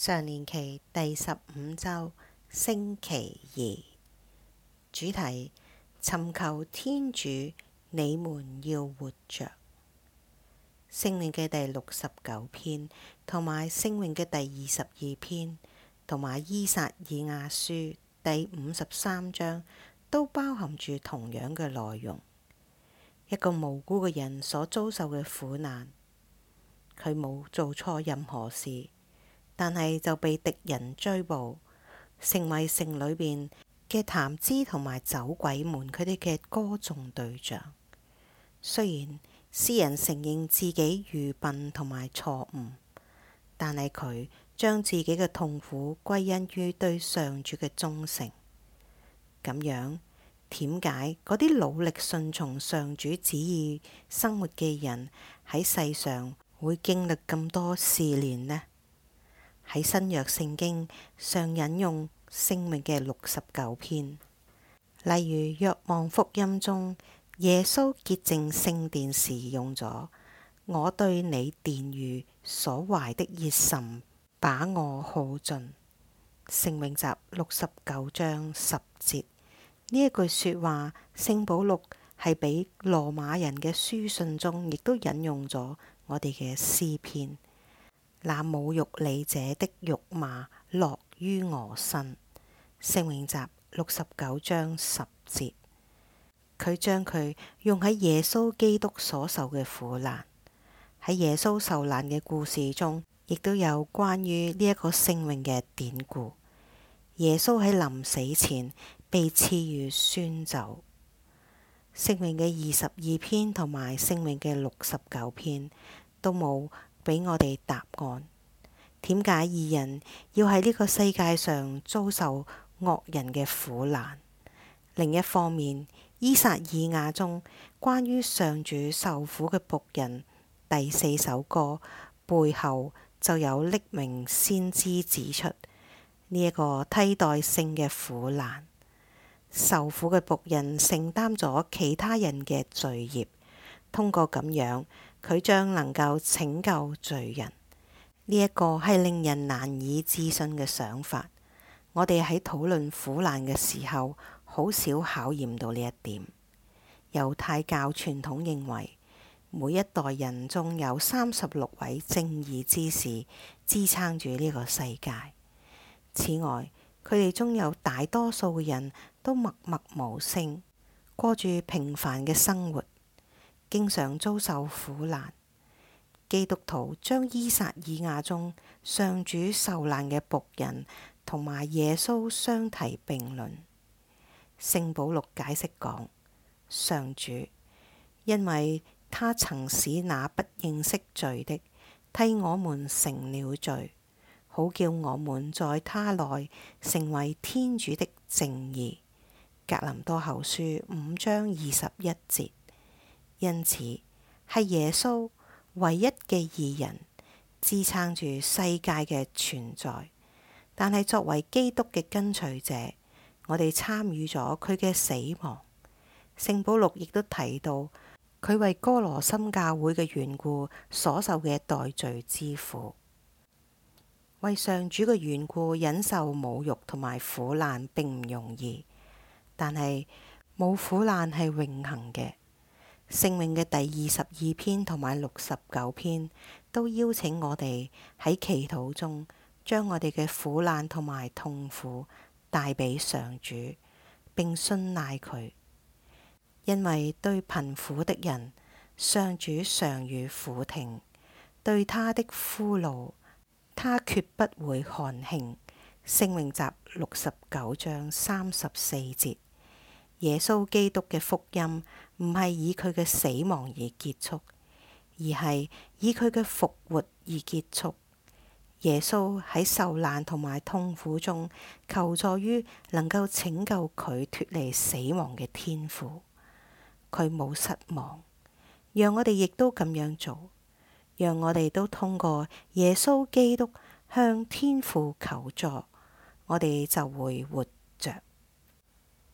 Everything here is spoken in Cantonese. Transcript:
常年期第十五周星期二主題：尋求天主，你們要活着。聖詠嘅第六十九篇，同埋聖詠嘅第二十二篇，同埋依撒依亞書第五十三章，都包含住同樣嘅內容。一個無辜嘅人所遭受嘅苦難，佢冇做錯任何事。但係就被敵人追捕，成為城裏邊嘅談資同埋酒鬼們佢哋嘅歌頌對象。雖然詩人承認自己愚笨同埋錯誤，但係佢將自己嘅痛苦歸因於對上主嘅忠誠。咁樣點解嗰啲努力順從上主旨意生活嘅人喺世上會經歷咁多試煉呢？喺新約聖經上引用聖名嘅六十九篇，例如《若望福音》中耶穌潔淨聖殿時用咗「我對你殿宇所懷的熱忱把我耗盡」聖命，聖名集六十九章十節。呢一句説話，《聖保錄》係俾羅馬人嘅書信中亦都引用咗我哋嘅詩篇。那侮辱你者的辱罵落於我身。聖詠集六十九章十節。佢將佢用喺耶穌基督所受嘅苦難。喺耶穌受難嘅故事中，亦都有關於呢一個聖詠嘅典故。耶穌喺臨死前被賜予酸酒。聖詠嘅二十二篇同埋聖詠嘅六十九篇都冇俾我哋答案，點解義人要喺呢個世界上遭受惡人嘅苦難？另一方面，依撒依亞中關於上主受苦嘅僕人第四首歌背後，就有匿名先知指出呢一，這個替代性嘅苦難，受苦嘅僕人承擔咗其他人嘅罪孽。通過咁樣，佢將能夠拯救罪人。呢一個係令人難以置信嘅想法。我哋喺討論苦難嘅時候，好少考驗到呢一點。猶太教傳統認為，每一代人中有三十六位正義之士支撐住呢個世界。此外，佢哋中有大多數嘅人都默默無聲，過住平凡嘅生活。經常遭受苦難，基督徒將《依撒依亞》中上主受難嘅僕人同埋耶穌相提並論。聖保祿解釋講：上主因為他曾使那不認識罪的替我們成了罪，好叫我們在他內成為天主的正義。《格林多後書》五章二十一節。因此係耶穌唯一嘅義人，支撐住世界嘅存在。但係作為基督嘅跟隨者，我哋參與咗佢嘅死亡。聖保祿亦都提到，佢為哥羅森教會嘅緣故所受嘅代罪之苦，為上主嘅緣故忍受侮辱同埋苦難並唔容易。但係冇苦難係永恆嘅。聖詠嘅第二十二篇同埋六十九篇，都邀請我哋喺祈禱中，將我哋嘅苦難同埋痛苦帶俾上主，並信賴佢，因為對貧苦的人，上主常予俯聽；對他的俘虜，他決不會看輕。聖詠集六十九章三十四節。耶穌基督嘅福音唔係以佢嘅死亡而結束，而係以佢嘅復活而結束。耶穌喺受難同埋痛苦中求助於能夠拯救佢脫離死亡嘅天父，佢冇失望。讓我哋亦都咁樣做，讓我哋都通過耶穌基督向天父求助，我哋就會活着。